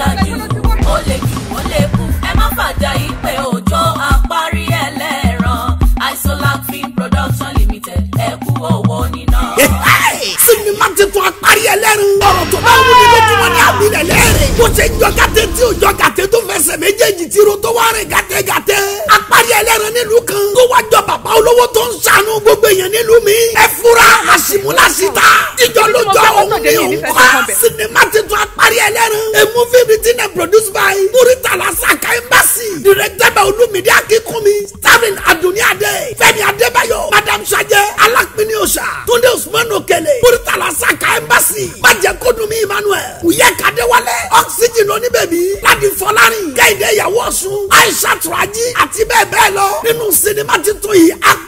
fàdáyé ó lè jù ó lè kú ẹ má fàdáyé pé òjò apárí ẹlẹ́ran Isolac Film Production Limited ẹ kú owó níná. sinimá tuntun apárí ẹlẹ́rìn ọ̀rọ̀ tó bá wúni lójú wọn ní àbí rẹ̀ lẹ́rìn. bó ṣe jọ gàtẹ́ tí ò jọ gàtẹ́ tó fẹsẹ̀ méjèèjì tí ro tó wá rìn gàtẹ́ gàtẹ́. apárí ẹlẹ́rìn nílùú kan. kó wá jọ bàbá olówó tó ń ṣàánú gbogbo èèyàn nílùú mi. ẹ fura àṣìmúláṣí t Wa sinima ti tún apari ẹlẹ́rìn. A movie written and produced by Muritala Saka Embassy. Directed by Olumide Akikunmi. Starring Adunni Ade. Fẹ́mi Adébáyọ̀. Madam Sajẹ. Alápínì Oṣà. Tunde Usman Okele. Muritala Saka Embassy. Bàjẹ́ Kódùnmí Emmanuel. Uyẹ́ Kadewale. Oxygen oníbẹ̀bí. Ladi Fọlárin. Kẹ́hìndé ìyàwó Ọ̀ṣun. Aisha Turaji. Àti bẹ́ẹ̀ bẹ́ẹ̀ lọ. Nínú sinima titun yìí,